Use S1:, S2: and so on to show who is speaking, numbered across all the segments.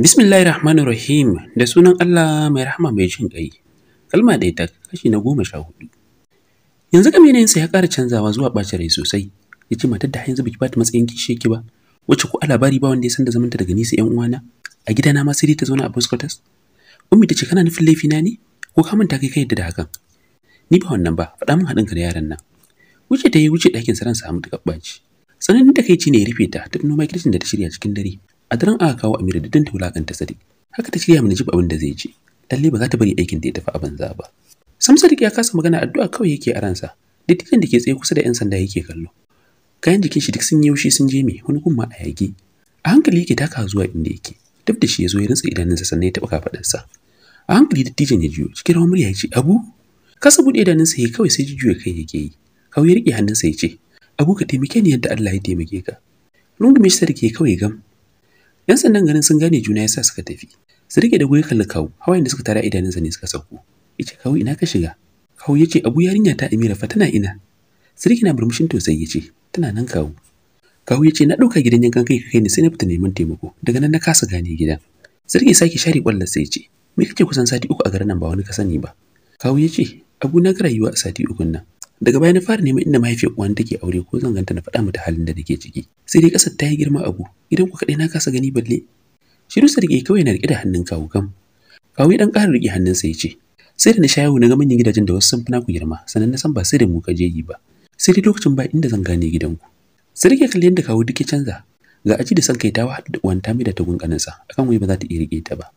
S1: Bismillahir Rahmanir Rahim da sunan Allah mai rahama mai jin ƙai. Kalma ɗaya ta kashi na goma sha hudu. Yanzu kam yanayinsa ya ƙara canzawa zuwa ɓacin rai sosai. Ya ce matar da har yanzu baki bata matsayin kishe ki ba. wace ko a ba wanda ya san da zamanta daga nisa 'yan uwana. A gidana ma sai ta zauna a Boscotus. Ummi ta ce kana nufin laifina ne? Ko ka manta kai ka yadda da hakan? Ni ba wannan ba, faɗa min haɗin ka da yaran nan. Wuce ta yi wuce ɗakin sa ransa da gabbaci. Tsananin da kai ci ne ya rufe ta ta noma makircin da ta shirya cikin dare. A daren aka kawo Amira da wulakan ta sadik Haka ta shirya mana jib abin da zai ce. Lalle ba za ta bari aikin da ya tafi a banza ba. Sam Sadiq ya kasa magana addu'a kawai yake a ransa. Dattijan da ke tsaye kusa da 'yan sanda yake kallo. Kayan jikin shi duk sun yaushi sun je mai wani gumma a yage. A hankali yake taka zuwa inda yake. Duk da shi ya zo ya rintsa idanunsa sannan ya taɓa kafaɗarsa. a hankali dattijan ya jiyo cikin rawar murya ya ce abu kasa buɗe idanunsa ya kawai sai jijiyo kai yake yi Kawu ya riƙe hannunsa ya ce, Abu ka taimake ni yadda Allah ya taimake ka. Rungume shi sarki kawai gam. ‘Yan sandan ganin sun gane juna yasa suka tafi. Su rike da goyi kalli kawu, hawa da suka tara idanunsa ne suka sauko. Ya ce, Kawu ina ka shiga? Kawu ya ce, Abu yarinya ta Amira fa tana ina. Sarki na murmushin tausayi ya ce, Tana nan kawu. Kawu ya ce, Na ɗauka gidan yankan kai ka kai ni sai na fita neman taimako. Daga nan na kasa gane gidan. Sarki sake share ƙwallon sai ya ce, Me kake kusan sati uku a garin nan ba wani ka sani ba. Kawu ya ce, Abu na ga rayuwa a sati ukun nan. daga baya na fara neman inda mahaifiyar uwan take aure ko zan ganta na faɗa mata halin da nake ciki sai dai kasar ta yi girma abu idan ku kaɗai na kasa gani balle shiru rike kawai na riƙe da hannun kawu kam kawu dan ɗan ƙara riƙe hannunsa ya ce sai da na shayo na ga manyan gidajen da wasu sun fi naku girma sannan na san ba sai da mu ka je yi ba sai dai lokacin ba inda zan gane gidanku Sai sarki kalli yadda kawu duk ya canza ga aji da san kai ta wahala, da uwan mai da tagun kaninsa akan wai ba za ta iya rike ta ba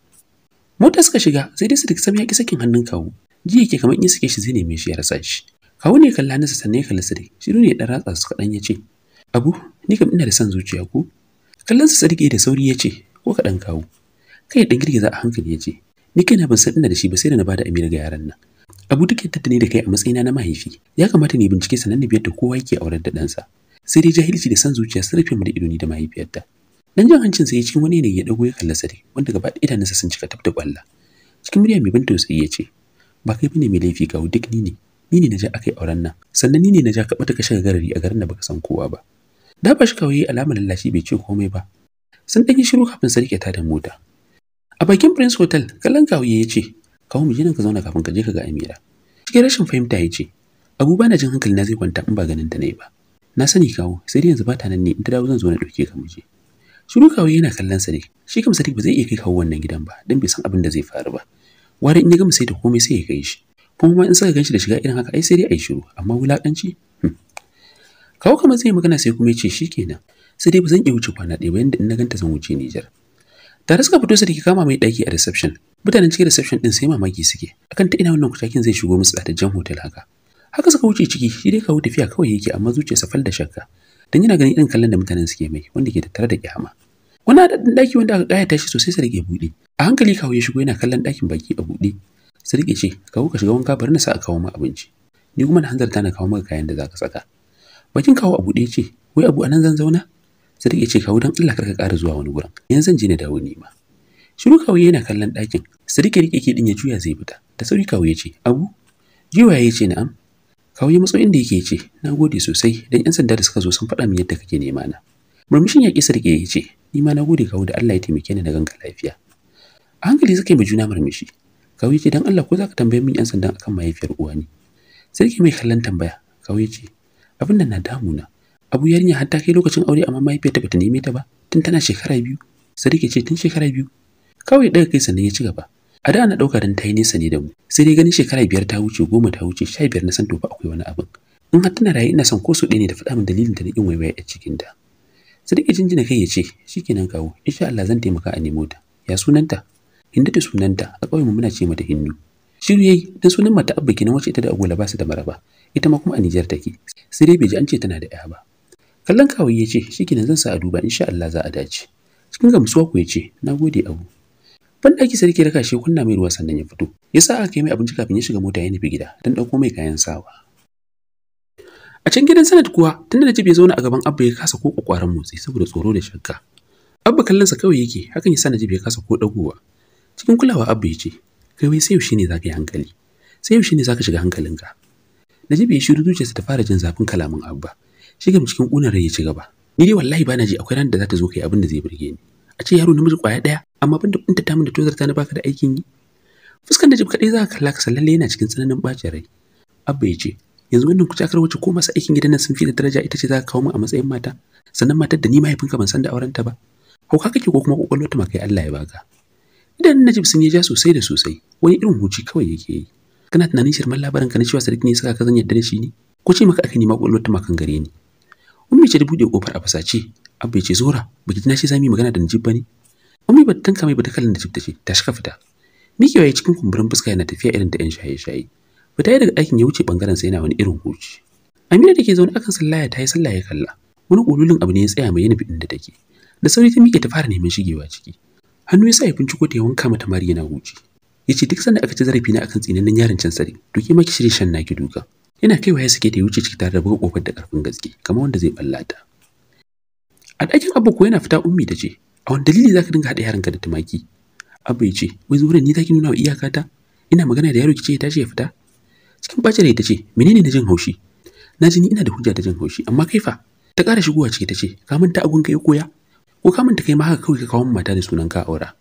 S1: mota suka shiga sai dai Sadiq sam ya ki sakin hannun kawu ji yake kamar in suke shi zai neme shi ya rasa shi kawo ne kalla nasa sannan ya kalli sadiq shiru ne ya ratsa su kaɗan ya ce abu ni kam ina da son zuciya ko kallon sa sadiq da sauri ya ce ko kaɗan kawo kai ɗan girgiza a hankali ya ce ni kaina ban san ina da shi ba sai da na ba da amina ga yaran nan abu duk yadda ne da kai a matsayina na mahaifi ya kamata ne bincike sanan na biyar da kowa yake aurar da ɗansa sai dai jahilci da san zuciya sun rufe mu da idoni da mahaifiyarta dan jan hancin sai cikin wani yanayi ya dago ya kalla sare, wanda gaba ɗaya idanunsa sun cika tab da kwalla cikin murya mai ban tausayi ya ce ba kai bane mai laifi kawo duk ni ne ni ne na ja aka yi auren nan sannan ni ne na ja ka bata kashe gagarari garari a garin da baka san kowa ba da ba shi kawai alamar lallashi bai ce komai ba sun ɗan yi shiru kafin sarki ta da mota a bakin prince hotel kallon kawai ya ce kawo mu nan ka zauna kafin ka je ka ga amira cikin rashin fahimta ya ce abubuwa na jin hankali na zai kwanta in ba ganin ta ne ba na sani kawo sai dai yanzu ba ta nan ne in ta dawo zan zo na ɗauke ka mu je shiru kawai yana kallon sadiq shi kam sadiq ba zai iya kai kawo wannan gidan ba don bai san abin da zai faru ba ware in ya gama sai da komai sai ya kai shi kuma in suka ganshi da shiga irin haka ai sai dai ai shiru amma wulakanci hmm. kawo kamar zai magana sai kuma ya ce shi kenan, sai dai ba zan iya wuce kwana ɗaya ba yanda in na ganta zan wuce Nijar tare suka fito su dake kama mai ɗaki a reception mutanen cikin reception ɗin sai mamaki suke akan ta ina wannan kutakin zai shigo musu jan hotel haka haka suka wuce ciki shi dai kawo tafiya kawai yake amma sa fal da shakka dan yana ganin irin kallon da mutanen suke mai wanda ke tattare da kyama wani haɗaɗɗen ɗaki wanda aka ƙayata shi sosai sa da buɗe a hankali kawo ya shigo yana kallon ɗakin baki a buɗe Sadiq ce, "Kawo ka shiga wanka bari na sa kawo ma abinci." Ni kuma na ta na kawo maka kayan da zaka saka. Bakin kawo abu ɗaya ce, "Wai abu anan zan zauna?" rike ce, "Kawo dan Allah karka kara zuwa wani gurin. Yanzu zan je na dawo ni ma." Shiru kawo yana kallon ɗakin. Sadiq rike ke ɗin ya juya zai fita. Da sauri kawo ya ce, "Abu?" Jiwa ya ce, "Na'am." Kawo ya matsayin da yake ce, "Na gode sosai don 'yan sanda da suka zo sun faɗa min yadda kake nema na." Murmushin ya kisa rike ya ce, "Ni ma na gode kawo da Allah ya taimake ni na ganka lafiya." A hankali suka yi juna murmushi. Kawu ce dan Allah ko za tambaye min yan sandan akan mahaifiyar uwa ne. Sarki mai kallon tambaya. Kawu ce abin nan na damu damuna. Abu yarinya har ta kai lokacin aure amma mahaifiyarta bata neme ta ba tun tana shekara biyu. Sarki ce tun shekara biyu. Kawai daga kai sannan ya ci gaba. A da ana ɗauka dan ta yi nesa ne da mu. Sai dai ganin shekara biyar ta wuce goma ta wuce sha biyar na san to fa akwai wani abin. In har tana raye ina son ko su ɗaya ne da faɗa min dalilin da na ƙin waiwaye a cikin ta. Sarki jinjina kai ya ce shikenan kawo insha Allah zan taimaka a nemo ta. Ya sunanta? ta sunanta a ƙauyen muna ce mata hindu shiru yayi dan sunan mata abba kenan wacce ita da agola ba su da maraba ita ma kuma a Nijar take sai dai bai an ce tana da ɗaya ba kallon kawai ya ce shi zan sa a duba insha Allah za a dace cikin gamsuwa ku ya ce na gode abu ban ɗaki sarki raka shi kunna mai ruwa sannan ya fito ya aka yi mai abinci kafin ya shiga mota ya nufi gida dan dauko mai kayan sawa A can gidan Sanad kuwa, tunda jibi ya zauna a gaban Abba ya kasa ko kwakwaran motsi saboda tsoro da shakka. Abba kallonsa kawai yake, hakan ya sa ya kasa ko dagowa. cikin kulawa abu ya ce kai wai sai yaushe ne za ka yi hankali sai yaushe ne za ka shiga hankalinka najib ya shiru zuciyarsa ta fara jin zafin kalamin abba shigan cikin ƙunar rai ya ci gaba ni dai wallahi bana ji akwai ranar da za ta zo kai abin da zai burge ni a ce yaro namiji kwaya daya amma ban da ta min da tozarta na baka da aikin yi fuskan najib kadai za ka kalla ka sallalle yana cikin tsananin bacin rai abba ya ce yanzu wannan kucakar wacce ko masa aikin gidan nan sun fi da daraja ita ce za ka kawo min a matsayin mata sannan matar da ni mahaifinka ban san da aurenta ba hauka kake ko kuma kokolo ta makai Allah ya baka idan najib sun yi ja sosai da sosai wani irin huci kawai yake yi kana tunanin shirman labarin ka na cewa sadiq ne saka ka zan yadda da shi ne ko ce maka aka nema kwakwalwar makan gare ni ummi ce da buɗe kofar a fasace abba ya ce zora baki tana na ce zamu yi magana da najib ba ne ummi ba ta tanka mai ba ta kallon najib ta ce ta shika fita mikewa ya cikin kumburin fuska yana tafiya irin da yan shaye-shaye fita ya daga aikin ya wuce bangaren sa yana wani irin huci amina da ke zaune akan sallaya ta yi ya kalla wani kululin abu ne ya tsaya mai yana bidin da take da sauri ta miƙe ta fara neman shigewa ciki hannu ya sa ya binciko ta ya wanka mata mari yana huci ya ce duk sanda aka ci zarafi na akan tsinanin yaron can sare to ke ma ki shirye shan naki duka yana kaiwa ya sake ta ya wuce ciki tare da buga kofar da karfin gaske kamar wanda zai ballata a ɗakin abu ko yana fita ummi ta ce a wani dalili zaka dinga haɗa yaranka da tumaki abu ya ce wai zuwa ni zaki nuna wa iyaka ta ina magana da yaro ki ce ya tashi ya fita cikin bacin rai ta ce menene na jin haushi na ji ni ina da hujja ta jin haushi amma kai fa ta ƙara shigowa ciki ta ce ka manta agunka ya koya ko ka manta kai ma haka kawai ka kawo mata da sunan ka aura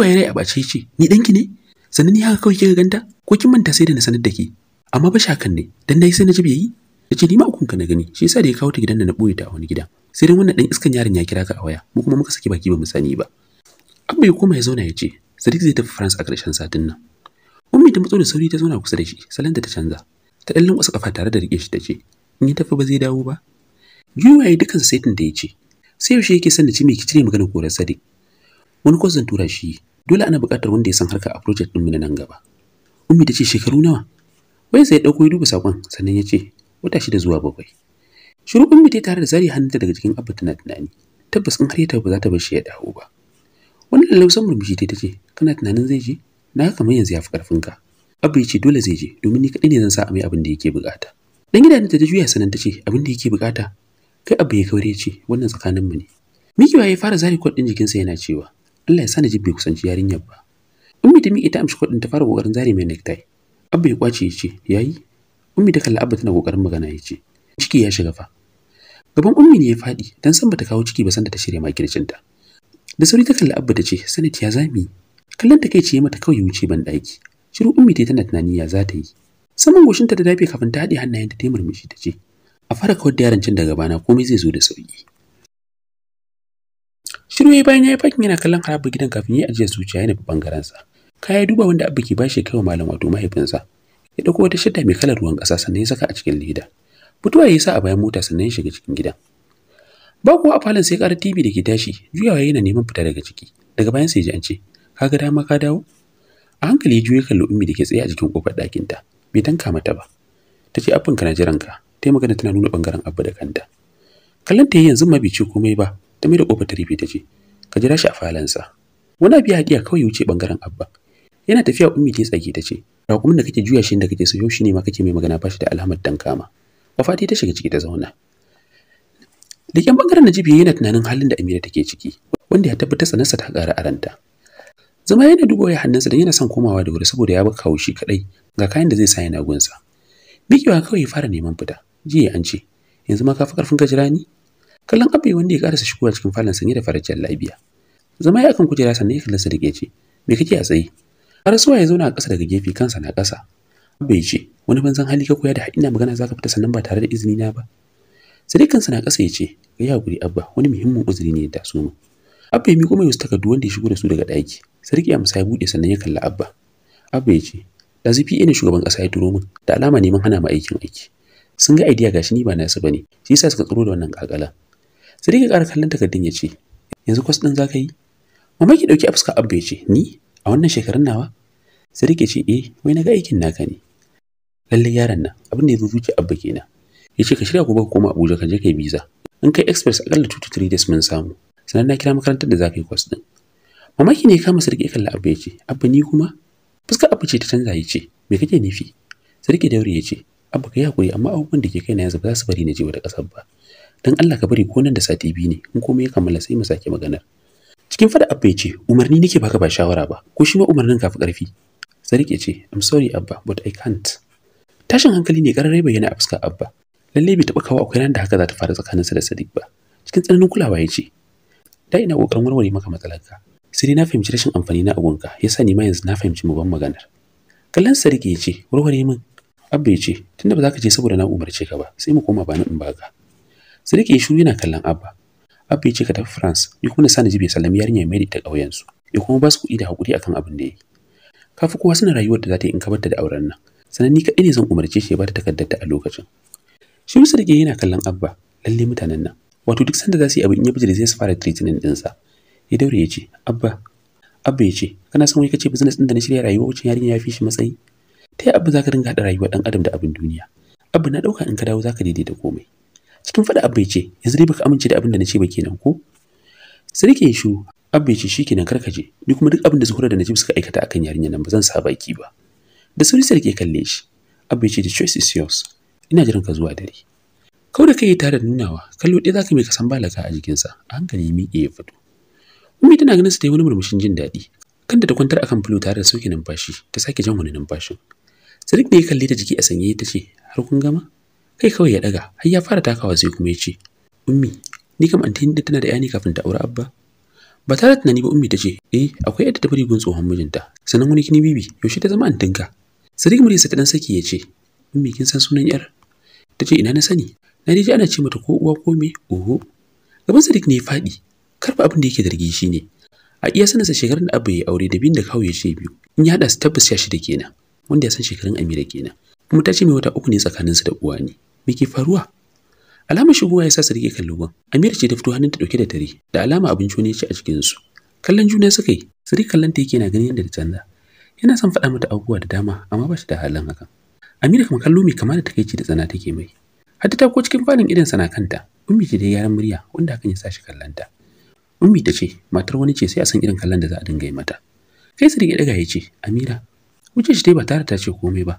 S1: waye ne a bace ce ni danki ne sannan ni haka kawai kika ganta ko kin manta sai da na sanar da ke amma ba shakan ne dan nayi sai na ji yayi Dace ni ma ukunka na gani shi yasa da ya kawo ta gidan da na boye ta a wani gidan sai dan wannan dan iskan yarin ya kira ka a waya mu kuma muka saki baki ba mu sani ba abba ya koma ya zauna ya ce sadiq zai tafi france a ƙarshen satin nan ummi ta matso da sauri ta zauna kusa da shi salon da ta canza ta dallin wasu kafa tare da rike shi ta ce in ya tafi ba zai dawo ba juwa ya dukan saitin da ya ce sai yaushe yake son da ci mai ki cire maganar korar sadiq wani kwas tura shi dole ana buƙatar wanda ya san harka a project mu na nan gaba ummi ta ce shekaru nawa wai sai ya dauko ya duba sakon? sannan ya ce wata shida zuwa bakwai shiru ummi ta tare da zari hannunta daga cikin abba tana tunani tabbas in har ya tabbata ba za ta bar shi ya dawo ba wani lallausan murmushi ta ce kana tunanin zai je na kamar yanzu ya fi ƙarfinka abba ya ce dole zai je domin ni kaɗai ne zan sa a mai abin da yake buƙata dan gidan ta juya sanan ta ce abin da yake buƙata kai abu ya kaure ce wannan tsakanin mu ne mikiwa ya fara zari kod din jikinsa yana cewa Allah ya sa Najib bai kusanci yarinyar ba ummi ta miƙe ta amshi kod ta fara kokarin zari mai necktie abu ya kwace ya ce yayi ummi ta kalla abba tana kokarin magana ya ce ciki ya shiga fa gaban ummi ne ya faɗi dan san bata kawo ciki ba san da ta shirya ta da sauri ta kalli abba ta ce sanati ya zami kallon ta kai ce mata kawai wuce ban daki shiru ummi ta tana tunani ya za ta yi saman goshinta ta dafe kafin ta haɗe hannayenta ta taimurmushi ta ce a fara kawar da yaron can daga bana komai zai zo da sauki shiru yayi bayan yi fakin yana kallon harabu gidan kafin ya ajiye zuciya yana bangaren Ka yi duba wanda abu ke shi kaiwa malam wato mahaifinsa ya dauko wata shadda mai kalar ruwan kasa sannan ya saka a cikin leda Mutuwa ya sa a bayan mota sannan ya shiga cikin gidan ba kuwa a falon sai ƙarar tv da ke tashi juyawa yana neman fita daga ciki daga bayan sai ji an ce ga dama ka dawo a hankali ya juya kallo ummi da ke tsaye a jikin kofar ɗakinta bai tanka mata ba ta ce abin ka na jiran ka Tai magana tana nuna bangaren abba da kanta kallon ta yanzu ma bai ce komai ba ta mai da kofar ta rufe ta ce ka jira shi a sa wani abu ya kawai wuce bangaren abba yana tafiya ummi ta tsage ta ce raƙumin da kake juya shi da kake so yau shine ma kake mai magana shi da alhamar kama fati ta shiga ciki ta zauna da kyan bangaren Najib yana tunanin halin da Amira take ciki, wanda ya tabbata sanarsa ta ƙara aranta. Zama yana dubo ya hannunsa don yana son komawa da wuri saboda ya baka haushi kaɗai ga kayan da zai sa yana gunsa. Mikewa kawai fara neman fita, jiya an ce yanzu ma ka fi karfin ka ni kallon abai wanda ya karasa shigowa cikin falon sanye da farar labiya zama ya kan kujera sannan ya kallon sa da ce me kake a tsaye har suwa ya zauna a ƙasa daga gefe kansa na ƙasa ya ce wani banzan hali ka koya da ina magana zaka fita sannan ba tare da izini na ba sadikan sa na ƙasa ya ce ga ya guri abba wani muhimmin uzuri ne ya taso mu abba ya miƙo mai wasu takardu wanda ya shigo da su daga ɗaki sarki amsa ya buɗe sannan ya kalli abba abba ya ce da ne shugaban ƙasa ya turo min da alama neman hana mu aikin aiki sun ga idea gashi ni ba nasu bane shi yasa suka tsoro da wannan kakala sai dai ƙara kallon takardun ya ce yanzu kwas ɗin za ka yi mamaki ɗauki a fuska abba ya ce ni a wannan shekarun nawa sai ce eh wai na ga aikin naka ne lallai yaron nan abin da ya zo zuciya abba kenan ya ce ka shirya gobe ka koma abuja ka je kai visa in kai express akalla 2 to 3 days mun samu sannan na kira makarantar da zaka ka yi kwas ɗin mamaki ne kama sarki kalla abba ya ce abba ni kuma Fuska abba ce ta canza ya ce me kake nufi sarki daure ya abba ka yi hakuri amma abubuwan da ke kai na yanzu ba za su bari na je wata ƙasar ba dan Allah ka bari ko nan da sati biyu ne in komai ya kammala sai mu sake maganar cikin fada abba ya ce umarni nake baka ba shawara ba ko shi ma umarnin kafi ƙarfi sarki ce I'm sorry abba but I can't tashin hankali ne ƙararrai bayyana a fuskar abba lalle bai taɓa kawo akwai nan da haka za ta faru sa da Sadiq ba cikin tsananin kulawa ya ce da ina kokarin warware maka matsalarka sai dai na fahimci rashin amfani na agunka yasa ni ma yanzu na fahimci mu ban maganar kallon sarki ya ce warware min Abba ya ce, tunda ba za ka je saboda na umarce ka ba, sai mu koma bani in baka. sai rike shiru yana kallon Abba. Abba ya ka tafi France, ni kuma na sa na jibe sallami yarinya mai da ta ƙauyen su. Ya kuma ba su kuɗi da hakuri akan abin da yi. Kafi kowa suna rayuwar da za ta yi in ka bar da auren nan. Sannan ni kaɗai ne zan umarce shi ya ba ta takardar ta a lokacin. musu rike yana kallon Abba, lalle mutanen nan. Wato duk sanda za su yi abin ya bijire zai su fara treatment ɗinsa. Ya daure ya ce, Abba, Abba ya ce, kana son wai kace business ɗin da na shirya rayuwa wucin yarinya ya fi shi matsayi? ta yi abu za ka dinga haɗa rayuwar ɗan adam da abin duniya abu na ɗauka in ka dawo za ka da komai cikin faɗa abu ce yanzu dai baka amince da abin da na ce ba kenan ko sarki ya shu abu ce shi kenan karkaje ni kuma duk abin da zuhura da najib suka aikata akan yarinyar nan ba zan sa baki ba da sauri sarki ya kalle shi abu ce the choice is yours ina jiran ka zuwa dare kawai da kai tare da nunawa kallo ɗaya za ka mai kasan balaka a jikinsa a hankali ya miƙe ya fito Ummi tana ganin su ta yi wani murmushin jin daɗi kanta ta kwantar akan filo tare da sauke numfashi ta sake jan wani numfashin Sadiq da ya kalle ta jiki a sanye ta ce, "Har kun gama?" Kai kawai ya daga, har ya fara takawa sai kuma ya ce, "Ummi, ni kam an tinda tana da yani kafin ta aure Abba." Ba tare da tunani ba Ummi ta ce, "Eh, akwai yadda ta bari gun tsohon mijinta." Sannan wani kini bibi, yaushe ta zama antinka? Sadiq Murisa ta dan saki ya ce, "Ummi kin san sunan yar?" Ta ce, "Ina na sani." Na ji ana ce mata ko uwa ko me? Oho. Gaban Sadiq ne ya faɗi. Karfa abin da yake zargi ne. A iya sanarsa shekarun da Abba ya aure da bin da kawai ya ce biyu. In ya haɗa su tabbas ya shida kenan. wanda ya san shekarun Amira kenan kuma ta ce mai wata uku ne tsakaninsu da uwa ne me ke faruwa alamar shigowa ya sa su rike kallon Amira ce ta fito hannunta dauke da tare da alama abinci ne ce a cikin su kallon juna suka yi su rike kallon ta yake na ganin yadda ta canza yana son faɗa mata abubuwa da dama amma ba shi da halin haka Amira kuma kallo mai kama da takeici da tsana take mai hatta ta ko cikin falin idan sana kanta ummi ce da yaran murya wanda hakan ya sa shi kallon ta. ummi ta ce matar wani ce sai a san irin kallon da za a dinga yi mata kai su rike daga ya ce Amira wuce shi dai ba tare ta ce komai ba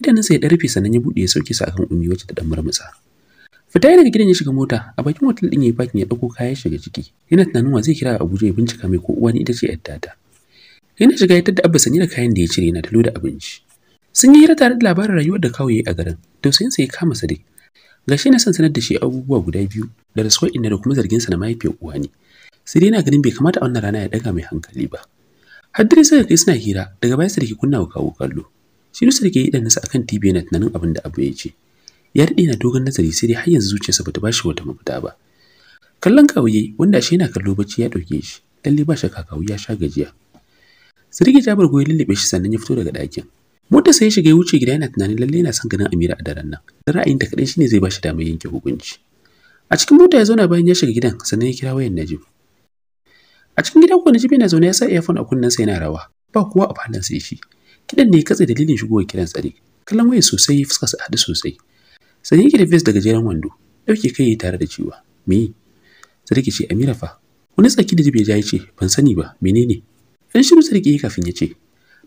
S1: Idan idanunsa ya rufe sannan ya buɗe ya sauke sa akan umi wacce ta ɗan murmutsa fita ya daga gidan ya shiga mota a bakin hotel din ya parking ya ɗauko kaya shiga ciki yana tunanin wa zai kira abuja ya bincika mai ko uwa ni ita ce yar tata yana shiga ya tadda abba sanye da kayan da ya cire yana talo da abinci sun yi hira tare da labarin rayuwar da kawai ya a garin tausayinsa ya kama sa dai gashi na son sanar da shi abubuwa guda biyu da rasuwar inda da kuma zarginsa na mahaifiyar uwa ne sai dai yana ganin bai kamata a wannan rana ya daga mai hankali ba har dare kai suna hira daga bayan sarki kunna wa kawo kallo shi da sarki idan nasa akan TV yana tunanin abin da abu ya ce ya daɗe na dogon nazari sai dai har yanzu zuciyarsa bata bashi wata mafita ba kallon kawuye wanda shi yana kallo bacci ya ɗauke shi lalle ba shakka kawu ya sha gajiya sarki jabar goyi lullube shi sannan ya fito daga ɗakin Mota sai ya shiga ya wuce gida yana tunanin lalle yana son ganin Amira a daren nan. Dan ra'ayinta kaɗai shine zai bashi damar yanke hukunci. A cikin mota ya zauna bayan ya shiga gidan sannan ya kira wayan Najib. a cikin gidan kwana bai na zaune ya sa earphone a sa yana rawa ba kowa a fadin sai shi kidan ne ka katse dalilin shigowar kiran tsare kallon waya sosai fuskar sa hadu sosai sanye yake da face daga jeren wando dauke kai ya tare da ciwa me sarki ce amira fa wani tsaki da jibe ya ce ban sani ba menene dan shiru sarki kafin ya ce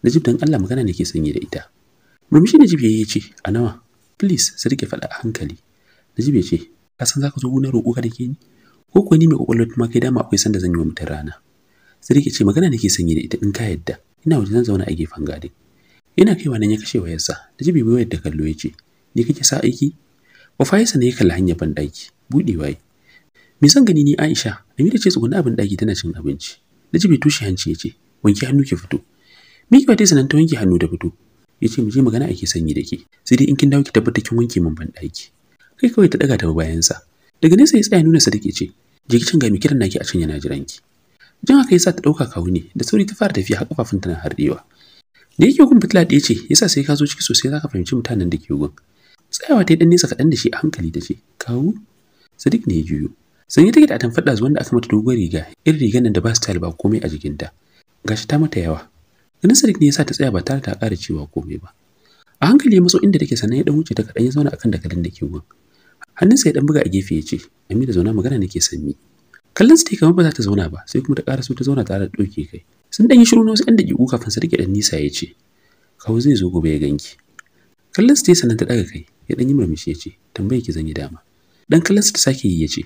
S1: najib dan Allah magana nake sanye da ita murmushi najib ya ce a nawa please sarki faɗa a hankali najib ya ce Kasan, san zaka zo gona roƙo ka da ke ni ko kuwa ni mai kwakwalwa kuma kai dama akwai sanda zan yi wa mutum rana rike ce magana nake sanyi da ita in ka yadda ina waje zan zauna a gefen gadin ina kaiwa nan ya kashe wayarsa da jibi wayar da kallo ya ce ni kake sa aiki ba yasa ne ya kalli hanyar ban Buɗe, waye? me zan gani ni Aisha Amira ce tsugunna abin daki tana cin abinci da jibi tushe hanci ya ce wanki hannu ki fito Mikiwa ta sanan ta wanke hannu da fito ya ce mu je magana ake sanyi da ke sai dai in kin dawo ki tabbata kin wanke min ban kai kawai ta daga ta bayansa daga nesa ya tsaya nuna sadake ce jikicin ga kiran naki a cinya na jiranki jin haka yasa ta dauka kawu ne da sauri ta fara tafiya har kafafun tana hardewa da yake gun fitila ɗaya ce yasa sai ka zo ciki sosai zaka fahimci mutanen da ke gun tsayawa ta yi dan nesa kaɗan da shi a hankali ta ce kawu sadiq ne ya juyo sanye take da atamfar ɗazu wanda aka mata doguwar riga irin rigan nan da ba style ba komai a jikinta gashi ta mata yawa ganin sadiq ne yasa ta tsaya ba tare da ƙara cewa komai ba a hankali ya matso inda take sannan ya dan wuce ta kaɗan ya zauna akan dakalin da ke gun hannunsa ya dan buga a gefe ya ce amira zauna magana nake son mi kallon su kamar ba za ta zauna ba sai kuma ta ƙara so ta zauna tare da ɗauke kai sun ɗan yi shiru na wasu ɗan daƙiƙu kafin su rike ɗan nisa ya ce kawo zai zo gobe ya ganki kallon su sannan ta ɗaga kai ya dan yi murmushi ya ce tambaye ki zan yi dama dan kallon su ta sake yi ya ce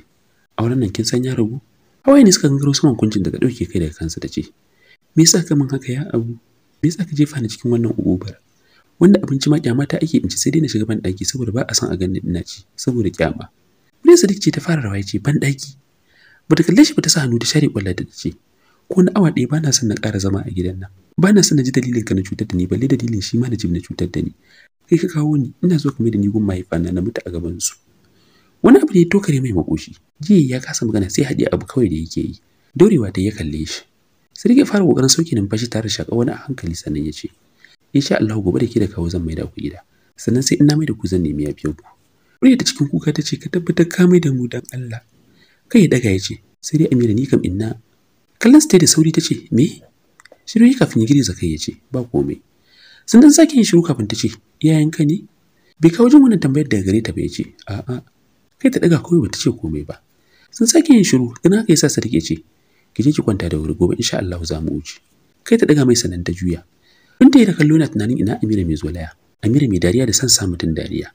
S1: auren nan kin san ya rabu hawaye ne suka gangaro saman kuncin daga ɗauke kai daga kansa ta ce me yasa ka min haka ya abu me yasa ka jefa ni cikin wannan ugubar wanda abinci ma kyama ta ake in sai dai na shiga ban daki saboda ba a san a ganin ina ci saboda kyama Murya Sadiq ce ta fara rawa ce ban bata kalle shi bata sa hannu ta share kwalla ta ce ko na awa ɗaya na son na ƙara zama a gidan nan Ba na son na ji dalilin ka na cutar da ni balle dalilin shi ma na ji na cutar da ni kai ka kawo ni ina so ka mai da ni gun mahaifana na mutu a gaban su wani abu ne ya tokare mai makoshi jiya ya kasa magana sai haɗe abu kawai da yake yi dorewa ta ya kalle shi sai ya fara kokarin sauke numfashi tare shaka wani a hankali sannan ya ce insha Allah gobe da ke da kawo zan mai da ku gida sannan sai ina mai da ku zan nemi yafiyar ku Murya da cikin kuka ta ce ka tabbatar ka mai da mu dan Allah kai ya daga ya ce sai dai Amira ni kam inna kallon su da sauri ta ce me shiru kafin ya girgiza kai ya ce ba komai sun dan sake yin shiru kafin ta ce 'ya'yan ka ne bai kawo jin wannan tambayar da gare ta ba ya ce a'a kai ta daga kawai ta ce komai ba sun sake yin shiru ganin haka sa sarki ya ce ki je ki kwanta da wuri gobe insha Allah za mu wuce kai ta daga mai sanan ta juya Binta ya da kallo na tunanin ina Amira mai zolaya, Amira mai dariya da son sa mutum dariya.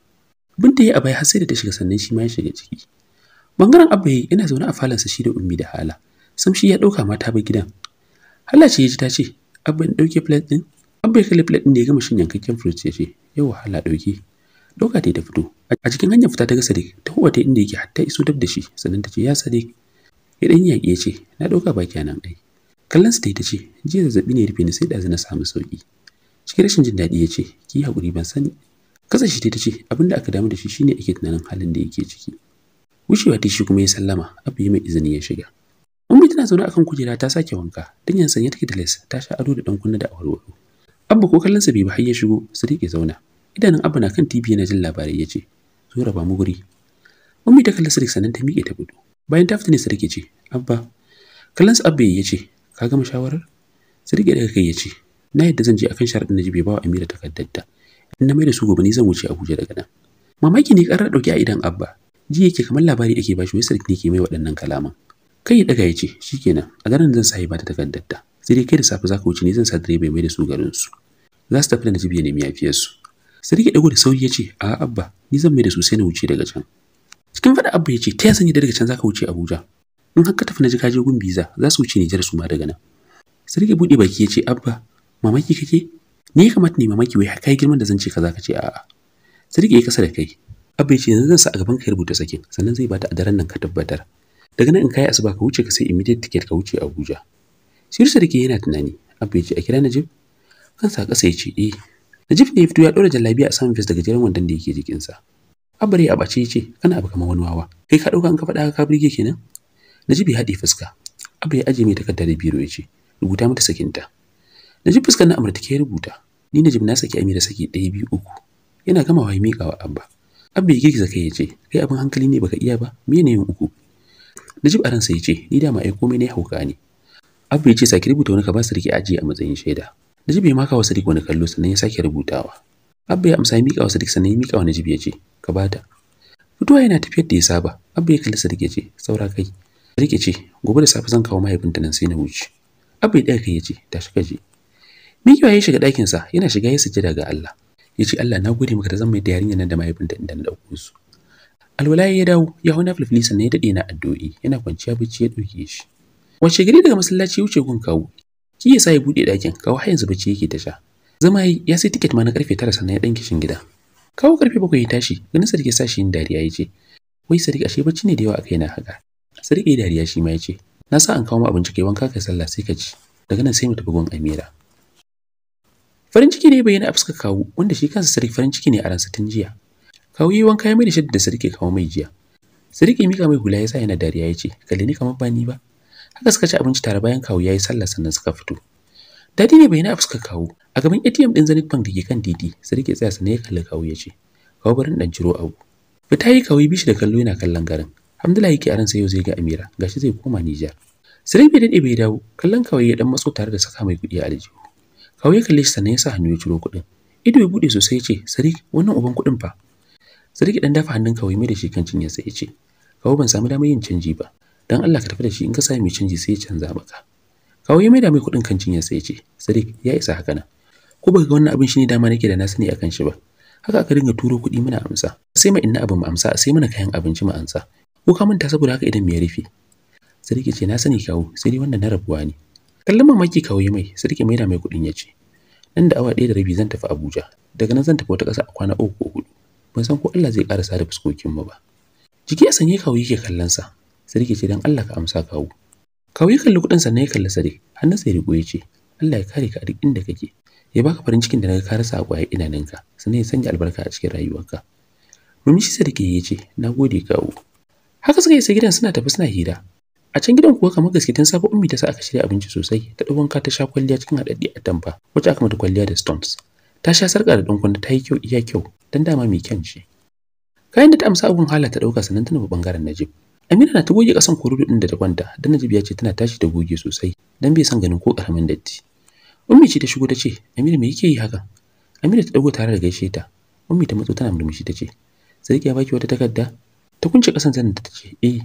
S1: Binta ya abai har sai da ta shiga sannan shi ma ya shiga ciki. Bangaren Abba yana zaune a falansa shi da Ummi da Hala. Sam shi ya ɗauka mata ba gidan. Hala ce ya ji ta ce, "Abba in ɗauke plate ɗin, Abba ya kalli plate ɗin da ya gama shin yankakken fruit ya ce, "Yau wahala ɗauke. Ɗauka ta yi ta fito. A cikin hanyar fita ta ga Sadiq, ta huwa ta inda yake hatta iso dab da shi, sannan ta ce, "Ya Sadiq." Ya yi yaƙi ya ce, "Na ɗauka ba nan ai." kallon su ta ce jiya zazzabi ne rufe ni sai ɗazu na samu sauki cikin rashin jin daɗi ya ce ki yi haƙuri ban sani kasa shi ta ce abin da aka damu da shi shine ake tunanin halin da yake ciki wucewa ta shi kuma ya sallama abu yi mai izini ya shiga Ummi tana zaune akan kujera ta sake wanka, yan sanye take da lace, ta sha ado da dan kunna da awarwaro. Abba ko kallon sa bai ba har ya shigo, su ya zauna. Idanun Abba na kan TV yana jin labarai yace, "Zo raba mu guri." Ummi ta kalli Sadiq sannan ta miƙe ta gudu. Bayan ta fita ne ya ce, "Abba." Kallon sa Abba yace, ka gama shawarar sai ya daga kai yace na yadda zan je akan sharaɗin na bai ba wa amira takaddada. in na mai da su gobe ni zan wuce abuja daga nan mamaki ne karar dauki a idan abba ji yake kamar labari ake bashi wai sarki ne ke mai waɗannan kalaman kai ya daga ya ce shikenan a garin zan sa ba ta takaddada. sai dai da safe za ka wuce ni zan sa direba mai da su garin su za su tafi da najibi ya nemi yafiyar su sai ya dago da sauri ya ce a abba ni zan mai da su sai na wuce daga can cikin faɗa abba yace ta yasan yadda daga can za ka wuce abuja in har ka tafi na ji kaje gun biza za su wuce Nijar su ma daga nan sarki buɗe baki ya ce abba mamaki kake ni kamata ne mamaki wai kai girman da zan ce kaza kace a'a sarki ya kasa da kai abba ya ce yanzu zan sa a gaban ka rubuta sakin sannan zai bata a daren nan ka tabbatar daga nan in kai asuba ka wuce ka sai immediate ticket ka wuce Abuja sir sarki yana tunani abba ya ce a kira Najib kansa kasa ya ce eh Najib ne ya fito ya dora jallabiya a saman fes daga jiran wandan da yake jikinsa. Abare a bace ce kana abu kamar wani wawa. Kai ka dauka an ka faɗa ka birge kenan? Najib ya haɗe fuska. Abba ya aje mai takarda da biro ya ce, rubuta mata sakinta. Najib fuskar na amurta ke rubuta. Ni Najib na saki Amira saki ɗaya biyu uku. Yana gamawa ya miƙa wa Abba. Abba ya girgiza kai ya ce, kai abin hankali ne baka iya ba, me ne yin uku? Najib a ransa ya ce, ni dama ai komai ne hauka ne. Abba ya ce saki rubuta wani ka ba su rike ajiye a matsayin shaida. Najib ya maka wa Sadiq wani kallo sannan ya sake rubutawa. Abba ya amsa ya miƙa wa Sadiq sannan ya miƙa wa Najib ya ce, ka bata. Fitowa yana tafiyar da ya saba, Abba ya kalli Sadiq ya ce, saura kai. Rike ce, gobe da safe zan kawo mahaifinta nan sai na wuce. Abu ya ɗaga kai ya ce, tashi ka je. Mikiwa ya shiga sa yana shiga ya sujjada ga Allah. Ya ce Allah na gode maka da zan mai da yarinya nan da mahaifinta inda na dauko su. Alwalayi ya dawo ya hau na filfili sannan ya dade na addu'o'i yana kwanciya bacci ya dauke shi. Wace gari daga masallaci ya wuce gun kawo. Ki yasa ya buɗe ɗakin kawo har yanzu bacci yake tasha. sha. Zama ya sai tiket ma na karfe tara sannan ya ɗan kishin gida. Kawo karfe bakwai ya tashi ganin Sadiq ya sa yin dariya ya ce wai Sadiq ashe bacci ne da yawa a na haka. Sarki dariya shi ma ya ce, Na sa an kawo mu abinci kai wanka kai sallah sai ka ci. Daga nan sai mu tafi gun Amira. Farin ciki ne bayyana a fuskar kawu wanda shi kansa sarki farin ciki ne a ransa tun jiya. Kawu yi wanka ya mai da shadda da sarki kawo mai jiya. Sarki mika mai hula ya sa yana dariya ya ce, Kalle ni kamar ba ni ba. Haka suka ci abinci tare bayan kawu ya yi sallah sannan suka fito. Dadi ne bayyana a fuskar kawu. A gaban ATM din Zenith Bank da ke kan titi, sarki tsaya sannan ya kalli kawu ya ce, Kawo barin dan ciro abu. Fita yi kawu bishi da kallo yana kallon garin. Abdullahi yake aran yau zai ga Amira gashi zai koma Nijar. Salim bai daɗe bai dawo kallon kawai ya dan matso tare da saka mai kuɗi a aljihu. Kawai ya kalle shi sannan ya sa hannu ya ciro kuɗin. Ido ya buɗe sosai ya ce Sadiq wannan uban kuɗin fa. Sadiq dan dafa hannun kawai mai da shi kan cinya sai ya ce kawai ban samu damar yin canji ba dan Allah ka tafi da shi in ka sami canji sai ya canza maka. Kawai ya mai da mai kuɗin kan cinya sai ya ce Sadiq ya isa haka nan. Ko ba ga wannan abin shi ne dama nake da na sani akan shi ba. haka aka dinga turo kuɗi muna amsa sai mai inna abin mu amsa sai mana kayan abinci mu amsa kuka manta saboda haka idan me ya rufe sarki ce na sani kawo sai dai wannan na rabuwa ne kallon mamaki kawo ya mai sarki maida mai kuɗin ya ce nan da awa ɗaya da rabi zan tafi abuja daga nan zan tafi wata ƙasa a kwana uku ko hudu ban san ko allah zai sa da mu ba jiki a sanye kawo yake kallon sa sarki ce dan allah ka amsa kawo kawo ya kalli kuɗin sannan ya kalli sare hannunsa ya riƙo ya ce allah ya kare ka a duk inda kake ya baka farin cikin da naga ka rasa a ƙwayar idanunka sannan ya sanya albarka a cikin rayuwarka shi sarki ya ce na gode kawo Haka suka isa gidan suna tafi suna hira. A can gidan kuwa kamar gaskitin safe ummi ta sa aka shirya abinci sosai, ta ɗau wanka ta sha kwalliya cikin haɗaɗɗi a tamba, wacce aka mata kwalliya da stones. Ta sha sarƙa da ɗan ta yi kyau iya kyau, dan dama mai kyan ce. Kayan da ta amsa abun hala ta ɗauka sannan ta nufi ɓangaren Najib. Amina na ta goge ƙasan kurudu ɗin da ta kwanta, dan Najib ya ce tana tashi ta goge sosai, dan bai san ganin ko ƙaramin datti. Ummi ce ta shigo ta ce, Amina me yake yi haka? Amina ta ɗago tare da gaishe ta. Ummi ta matso tana murmushi ta ce, Sarki ya baki wata takarda? ta kunce kasan zanin ta ce eh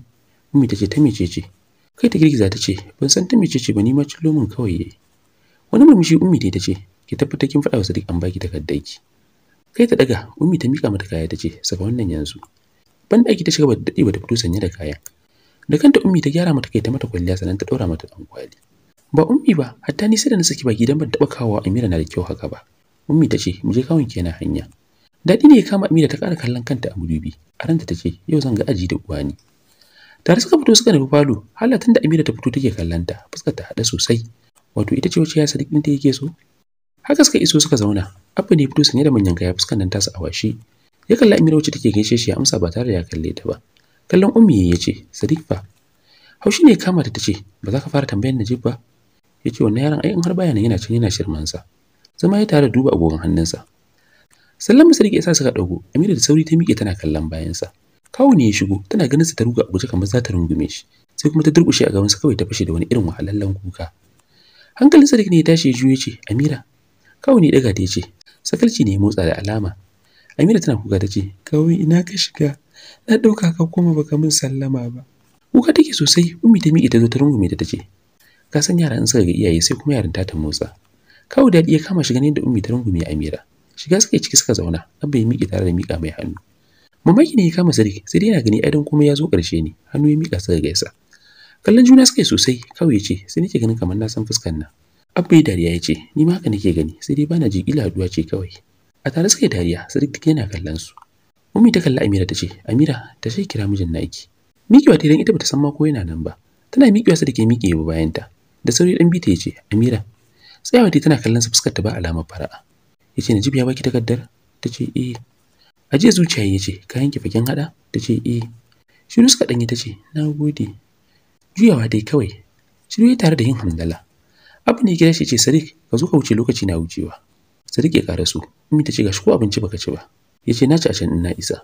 S1: mummy ta ce ta mecece kai ta girgiza ta ce ban san ta mecece ba ni ma cillo min kawai yayi wani murmushi ummi ta ce ki tabbata kin faɗa wa sadiq an baki takardar ki kai ta daga ummi ta mika mata kaya ta ce saka wannan yanzu ban daki ta shiga bata ba bata fito sanye da kaya da kanta ummi ta gyara mata kai ta mata kwalliya sannan ta daura mata dan kwali ba ummi ba hatta ni sai da na saki baki gidan ban taɓa kawo Amira na da kyau haka ba ummi ta ce mu je kawon kenan hanya Daɗi ne ya kama Amira ta ƙara kallon kanta a madubi, a ranta ta ce, yau zan ga aji da uwani. Tare suka fito suka nufi falo, halatin da Amira ta fito take kallonta, fuskar ta haɗa sosai, wato ita ce wacce ya sadiq ta yake so. Haka suka iso suka zauna, Abba ne fito sanye da manyan kaya fuskar nan tasa a washe. Ya kalli Amira wacce take gaishe shi ya amsa ba tare da ya kalle ta ba. Kallon Ummi ya ce, Sadiq fa. Haushi ne ya kama ta ce, ba za ka fara tambayar Najib ba? Ya ce, wannan yaron ai in har baya yana can yana shirmansa. Zama ya tare duba agogon hannunsa, Sallan Sadiq ya sa suka dago, Amira da sauri ta miƙe tana kallon bayansa. Kawu ne ya shigo, tana ganin sa ta ruga a guje kamar za ta rungume shi. Sai kuma ta durkushe a sa kawai ta fashe da wani irin wahalallan kuka. Hankalin Sarki ne ya tashi ya juyo ce, "Amira." kawo ne daga ta ya ce, "Sakalci ne ya motsa da alama." Amira tana kuka ta ce, "Kawu ina ka shiga? Na ɗauka ka koma baka min sallama ba." Kuka take sosai, Ummi ta miƙe ta zo ta rungume ta ta ce, "Ka san yara in suka ga iyaye sai kuma yaran ta ta motsa." kawo daɗi ya kama shi ganin da Ummi ta rungume Amira. shiga suka ciki suka zauna abba ya miƙe tare da miƙa mai hannu mamaki ne ya kama sarki sai dai yana gani ai komai ya zo ƙarshe ne hannu ya miƙa suka gaisa kallon juna suka yi sosai kawai ya ce sai nake ganin kamar na san fuskan nan abba ya dariya ya ce ni ma haka nake gani sai dai bana ji kila haduwa ce kawai a tare suka yi dariya sarki duk yana kallon su mummy ta kalli amira ta ce amira ta shi kira mijin naki miƙewa ta idan ita bata san ma ko yana nan ba tana miƙewa sai da ke miƙe bayanta da sauri dan bita ya ce amira tsayawa tana kallon sa fuskar ta ba alamar fara'a ya ce Najib ya baki takardar ta ce eh jiya zuciya ya ce kayan ki fagen hada ta ce eh shi nuska danyi ta ce na gode juyawa dai kawai shi ya tare da yin hamdala abu ne gida shi ce sadiq ka zo ka wuce lokaci na wucewa sadiq ya kara su Imi ta ce gashi ko abinci baka ci ba ya ce na ci a can na isa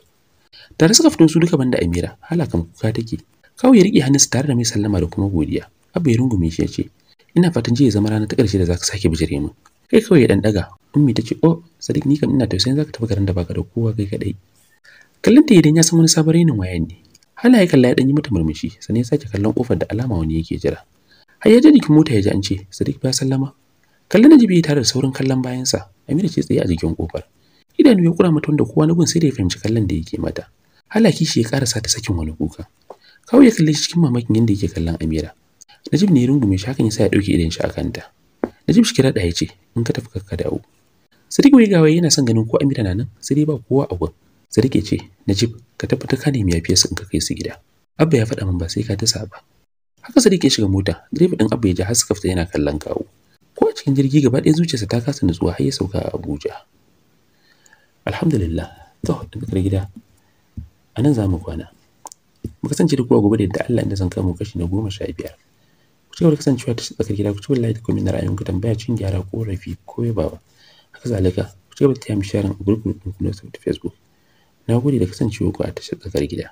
S1: tare suka fito su duka banda amira halakan kuka take kawai ya riƙe hannunsa tare da mai sallama da kuma godiya abu ya rungume shi ya ce ina fatan ya zama rana ta ƙarshe da za ka sake bijire mu kai kawai ya dan ummi ta ce oh sadiq ni kam ina tausayin zaka tafi garin da baka da kowa kai kadai kallon ta idan ya san wani sabon rainin wayan ne ya kalla ya dan yi mata murmushi sannan ya sake kallon kofar da alama wani yake jira har ya ji jikin mota ya ji an ce sadiq ba sallama kallon ya tare da saurin kallon bayansa amira ce tsaye a jikin kofar idanu ya kura mata wanda kowa na gun sai da ya fahimci kallon da yake mata Hala kishi ya karasa ta sakin wani kuka kawai ya kalle shi cikin mamakin yadda yake kallon amira najib ne ya rungume shi hakan ya ya ɗauke idan shi a kanta Najib shi kira ya ce in ka tafi ka dawo. Sadiq wai gawaye yana son ganin ko Amira na nan sai dai ba kowa a gun. Sadiq ce Najib ka tabbata ka nemi yafiyar su in ka kai su gida. Abba ya faɗa min ba sai ka tasa ba. Haka Sadiq ya shiga mota direba din Abba ya ji har suka fita yana kallon kawo. Ko a cikin jirgi gaba ɗaya zuciyarsa ta kasa nutsuwa har ya sauka a Abuja. Alhamdulillah to da muka gida a nan za mu kwana. Mu kasance da kowa gobe da yadda Allah inda zan kamo kashi na goma sha biyar. ku cigaba kasancewa ta tsakar gida ku ci wallahi da komi na ku tambaya cin gyara ko rafi ko yabawa haka zalika ku cigaba ta yi mu sharing a group group na facebook na gode da kasancewa ku a tashar tsakar gida